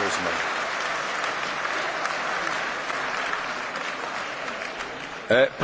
Rosemary. Uh, e,